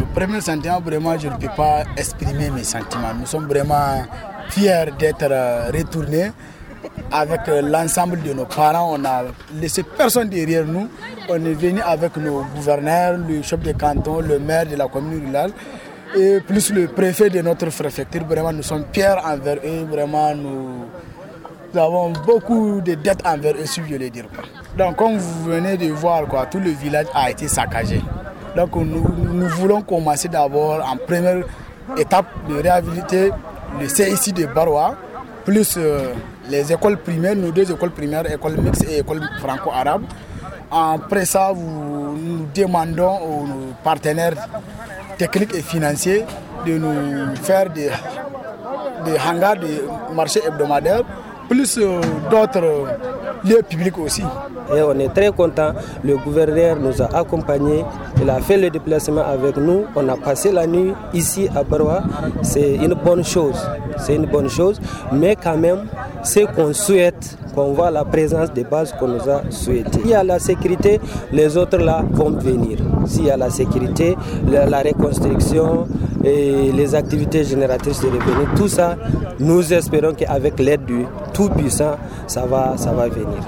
Le premier sentiment, vraiment, je ne peux pas exprimer mes sentiments. Nous sommes vraiment fiers d'être euh, retournés avec euh, l'ensemble de nos parents. On n'a laissé personne derrière nous. On est venu avec nos gouverneurs, le chef de canton, le maire de la commune rurale et plus le préfet de notre préfecture. Vraiment, nous sommes fiers envers eux. Vraiment, nous, avons beaucoup de dettes envers eux, si je le dire. Donc, comme vous venez de voir, tout le village a été saccagé. Donc nous, voulons commencer d'abord en première étape de réhabiliter le CIC de Barois, plus euh, les écoles primaires, nos deux écoles primaires, école mixte et école franco-arabe. Après ça, nous demandons aux partenaires techniques et financiers de nous faire des, des hangars, des marchés hebdomadaires, plus euh, d'autres euh, lieux publics aussi et on est très content. Le gouverneur nous a accompagnés, il a fait le déplacement avec nous, on a passé la nuit ici à Barwa. C'est une bonne chose, c'est une bonne chose, mais quand même, c'est qu'on souhaite qu'on voit la présence des bases qu'on nous a souhaitées. S'il y a la sécurité, les autres là vont venir. S'il y a la sécurité, la, reconstruction, et les activités génératrices de revenus, tout ça, nous espérons qu'avec l'aide du Tout-Puissant, ça va, ça va venir.